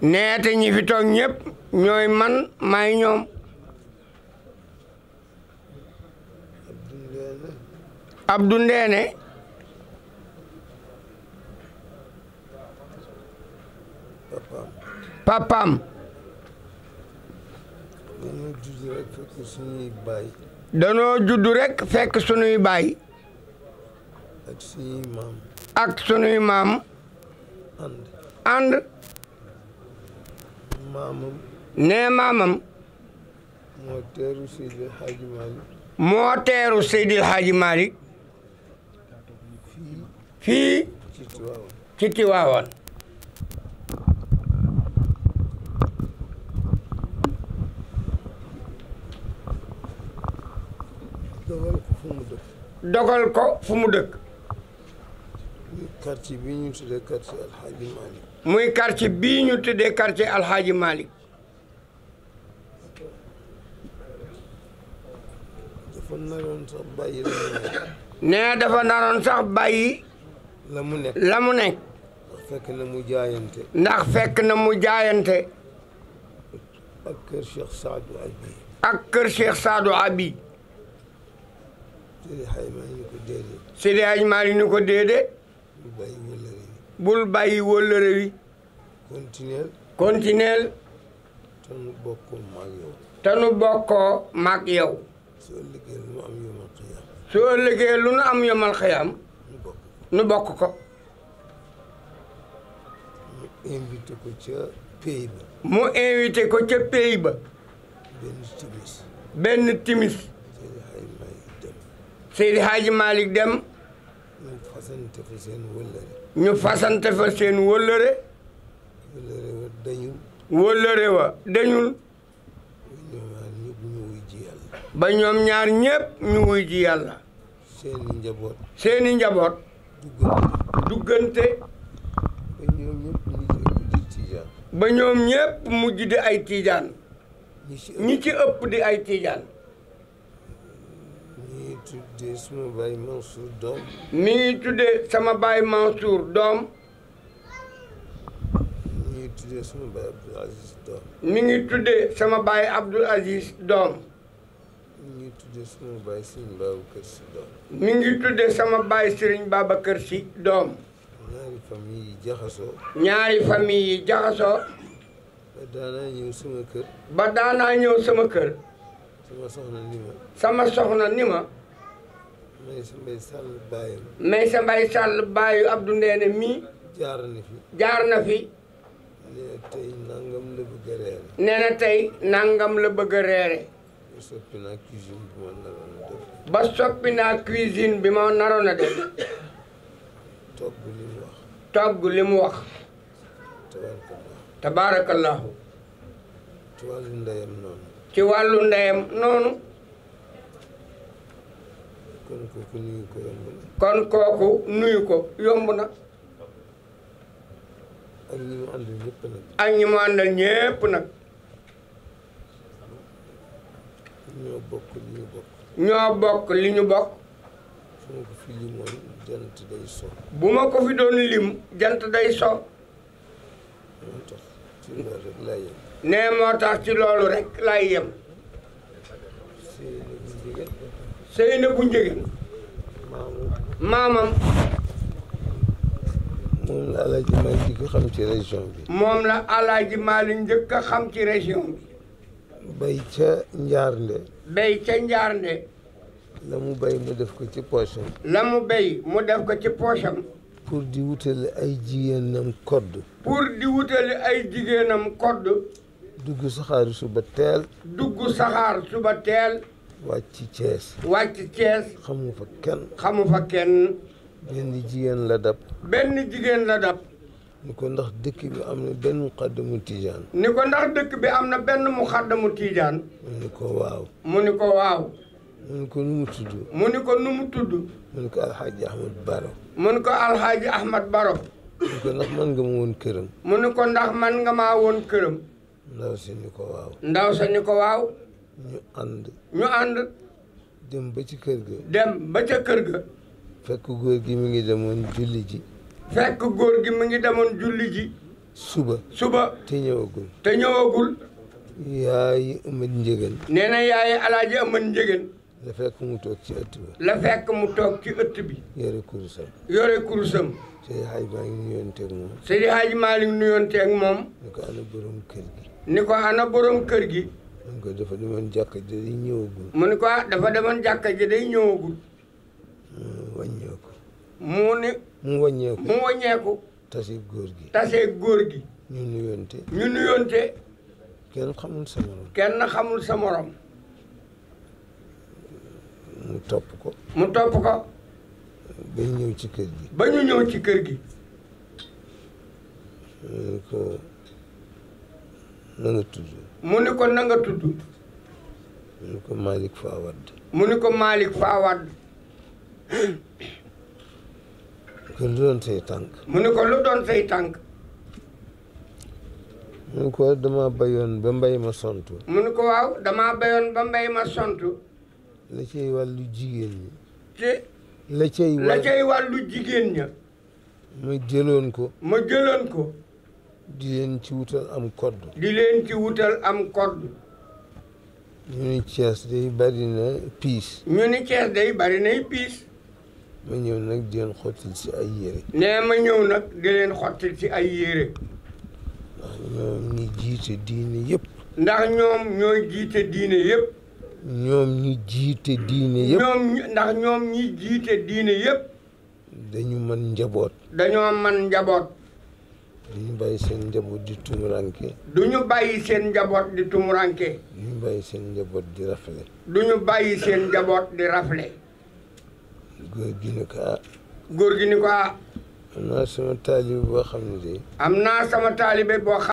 nee te ñi fi toog ñëpp ñooy man maay ñoom Abdou Ndeene papam danoo juddu rekk fekk sunuy baay ak sunuy maam ànd maamam nee maamam moo teeru Seydil Hadji moo teeru Seydil Hadji fii ci Tiwaawan dogal ko fu mu ko fu quartier bii ñu tuddee quartier Alhaji ñu tuddee quartier Alhaji Malick. dafa naroon sax bàyyi nee mu nekk fekk na mu jaayante. ndax fekk na mu jaayante. ak kër Saadu Abi. ak kër Cheikh Saadu Abi. Seydi Hadj Malick ni ko déedéet. bul bàyyi wóllëre wi. bul bàyyi wóllëre wi. continuel. tanu bokkoo maag yow. tanu bokkoo maag yow. soo liggéey lu nu am yomal xiyaam. nu am nu bokk ko nu ca pays ba. mu invité ko ca pays benn timis. benn timis. Seydi Hadji dem. fasante fa seen wëllëre. ñu fasante fa seen wëllëre. wëllëre wa dañul. wëllëre wa dañul. ba ñoom ñaar ñëpp ñu wuy ji yàlla. seeni njaboot. seeni njaboot. duggante. ba ñoom ñëpp mujj di ay tiijaan. ñi ci ëpp di ay tiijaan. tuddee sama doom. mi ngi tuddee sama baay Mansour doom. mi ngi tuddee sama baay Abdoul doom. mi ngi tuddee sama baay Abdoul doom. mu ngi tuddee sama baay Serigne Babacar Sy doom. mi ngi tuddee sama baay Serigne Babacar si doom. ñaari famille yi jaxasoo. ñaari famille yi jaxasoo. ba daanaa ñëw sama kër. ba daanaa ñëw sama kër. sama soxna ni ma. sama soxna ni ma. Maysa Mbay Sall Baye. Maysa Mbay Sall Baye Abdou Ndéné mii. jaar na fi. jaar na fi. nee tey nangam la bëgg a reere. nee na tey nangam la bëgg reere. ba soppi naa cuisine bi ma naroon a def. togg li mu wax. togg li wax. tabaarakallahu. tabaarakallahu. ci ndeyam noonu. ci wàllu ndeyam noonu. kon kooku nuyu ko yomb na. ak ñi mu àndal ñëpp nag. ak ñi mu àndal nag. ñoo bokk li ñu bokk. ñoo bokk li ñu bokk. su ma ko fi limoon jant day so. bu ma ko fi doon lim jant day so. nee moo tax ci loolu rek laay yem. sëy na bu njëgeen maamam moom la alaaji maa ngi a xam ci région bi moom la alaaji maa li njëkk a xam ci région bi bay ca njaarnde bay ca njaarnde la mu bay mu def ko ci poosam la mu bay mu def ko ci poosam pour di wutale ay jigéenam kodd pour di wutale ay jigéenam kodd dugg saxaar suba teel dugg saxaar suba teel wàcc Thiès. wàcc Thiès. xamu fa kenn. xamu fa kenn. benn jigéen la dab. benn jigéen la dab. ni ko ndax dëkk bi am na benn muxaddamu tiijaan. ni ko ndax dëkk bi am na benn muxaddamu tiijaan. mu ni ko waaw. mu ni ko waaw. mu ni ko nu mu tudd. mu ni ko nu mu tudd. mu ni ko Alxaaji Ahmad Baro. mu ni ko Alxaaji Ahmad Baro. mu ni ko ndax man nga ma woon këram. mu ni ko ndax man nga maa woon këram. ndaw sa ni ko waaw. ndaw sa ni ko waaw. ñu ànd. ñu ànd. dem ba ci kër ga. dem ba kër ga. fekk góor gi mu ngi demoon julli ji. fekk góor gi mu ngi demoon julli ji. suba. suba te ñëwagul. te ñëwagul. yaayi Amady Njëgën. nee na yaayi alaaji Amady Njëgën. la fekk mu toog ci ëtt bi. la fekk mu toog ci ëtt bi. yore kurusam. yore kurusam. Seydi Hadj maa ngi nuyonteeg moom. Seydi Hadj Malick nuyonteeg moom. ni ko ana borom kër gi. ni ko ana borom kër gi. mu ko dafa demoon jàkka ji day ñëwagul. mu ne ko ah, dafa demoon jàkka ji day ñëwagul. mu wàññeeku. mu ne. mu wàññeeku mu wàññeeku. tase góor gi tase góor gi. ñu nuyonte. ñu nuyonte. kenn xamul sa kenn xamul sa mu topp ko. mu topp ko. ba ñu ñëw ci kër gi. ba ñu ñëw ci kër gi. mu ne ko. na nga tudd. mu ni ko na nga tudd. mu ni ko Malick Fawad. mu ni ko Malick Fawad. ko lu doon say tànk. mu ni ko lu doon say tànk. mu ni ko dama bayoon ba mbay ma sontu. mu ni ko waaw dama bayoon ba ma sontu. la cay wàllu jigéen ñi. te. la cay wàllu la cay jigéen ña. ma jëloon ko. ma jëloon ko. di leen ci wutal am code. di leen ci wutal am code. ñu ni Thiès day bari na piis. ñu ni Thiès day bari nay piis. ma ñëw nag di leen xottil ci ay yére. ma ñëw nag di leen xottil ay yére. ndax ñoom ñi jiite diine yépp. ndax ñoom ñooy jiite diine yépp. ñi jiite diine yépp. dañu mën njaboot. dañoo mën njaboot. duñu bàyyi seen njaboot di tumuranke duñu bàyyi seen njaboot di tumuranke duñu bàyyi seen njaboot di rafle duñu bàyyi seen njaboot di rafle góor gi ni ko ah góor gi ni ko ah am naa sama taalibe boo xam de